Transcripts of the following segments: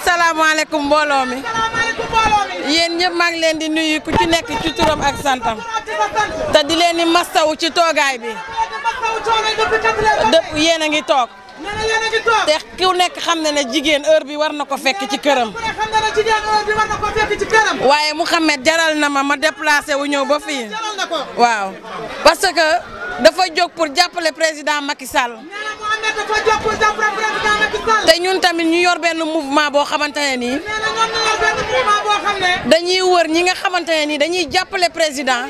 asalaamaaleykum mbooloo mi yéen ñëpp maa leen di nuyu ku ci nekk ci turam ak santam te di leen di mastaw ci toogaay bi dëpp yéen a ngi toog te ku nekk xam na ne jigéen heure bi war na ko fekk ci këram waaye Mouhamed jaral na ma ma déplacé wu ñëw ba fii waaw parce que dafa jóg pour jàppale président Macky Sall. ñun tamit ñu yor benn mouvement boo xamante ne nii. dañuy wër ñi nga xamante ne nii dañuy jàppale président.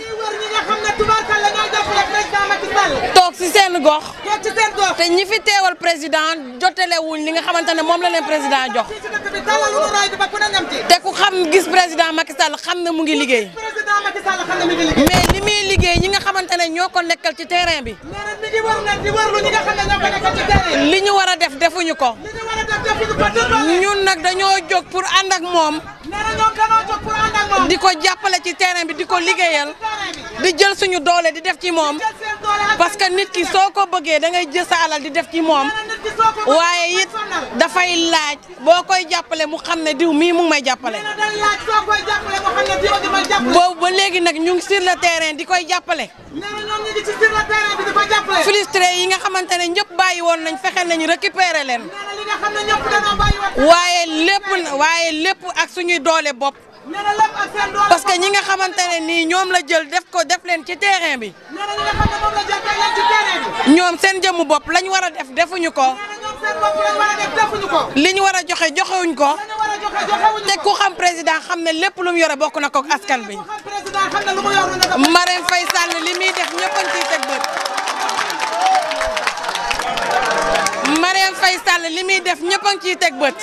toog si seen gox. te ñi fi teewal président jotelewuñ li nga xamante ne moom la leen président jox. te ku xam président Macky xam na mu ngi liggéey. président Macky mais liggéey ñi nga xamante ne ñoo ko nekkal ci terrain bi. li ñu war a def defuñu ko. li ñun nag dañoo jóg pour ànd ak moom. di ko jàppale ci terrain bi di ko liggéeyal. di jël suñu doole di def ci moom. parce que nit ki soo ko bëggee da ngay jël sa di def ci moom. waaye it dafay laaj boo koy jàppale mu xam ne diw mii mu ngi may jàppale. boobu ba léegi nag ñu ngi sur le terrain di koy jàppale. frustré yi nga xamante ne ñëpp bàyyi woon nañ fexe nañu récupérer leen. waaye lépp waaye lépp ak suñuy doole bopp. parce que ñi nga xamante nii ñoom la jël def ko def leen ci terrain bi. ñoom seen jëmmu bopp lañ war a def defuñu ko. li ñu war a joxe joxewuñ ko. te ku xam président xam ne lépp lu mu yore bokk na ko askan bi. Marème Faye Sall li muy def ñëpp a bët. li muy def ñëpp a ngi ciy teg bët. te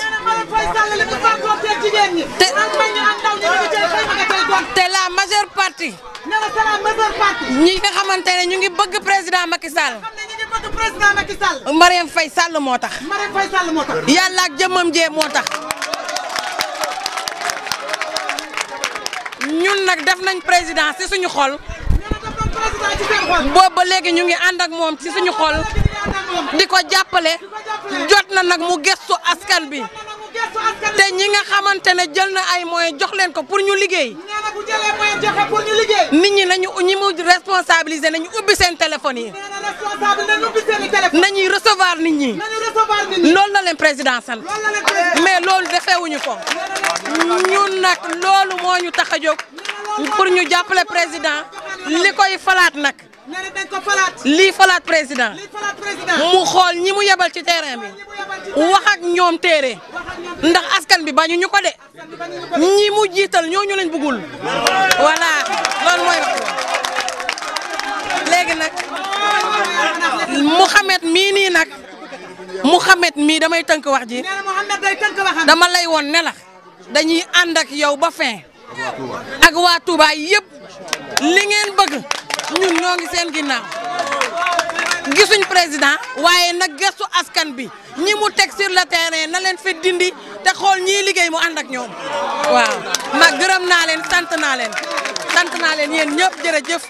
te la majeure partie. ñi nga xamante ne ñu ngi bëgg président Macky Sall. président Macky fay Marième moo tax. Marième Faye Sall moo tax. jëmmam jee moo tax. ñun nag def nañ président ci suñu xol. boobu léegi ñu ngi ànd ak moom ci suñu xol. di ko jàppale jot na nag mu gëstu askan bi te ñi nga xamante ne jël na ay moyens jox leen ko pour ñu liggéey. nit ñi nañu ñi mu responsabiliser nañu ubbi seen téléphone yi. nañuy recevoir nit ñi. loolu la leen président sant. mais loolu defeewuñu ko. ñun nag loolu moo ñu tax a jóg pour ñu jàppale président li koy falaat nag. lii falaat président mu xool ñi mu yebal ci terrain bi wax ak ñoom téere ndax askan bi bañu ñu ko de ñi mu jiital ñooñu lañ bëggul voilà loolu mooy wax léegi nag Mouhamed mii nii nag mu Mouhamed mii damay tënk wax ji dama lay woon ne dañuy ànd ak yow ba fin ak waa Touba yëpp li ngeen bëgg ñun ñoo ngi seen ginnaaw gisuñ président waaye nag gëstu askan bi ñi mu teg sur le terrain na leen fi dindi te xool ñii liggéey mu ànd ak ñoom waaw ma gërëm naa leen sant naa leen sant naa leen yéen ñëpp jërëjëf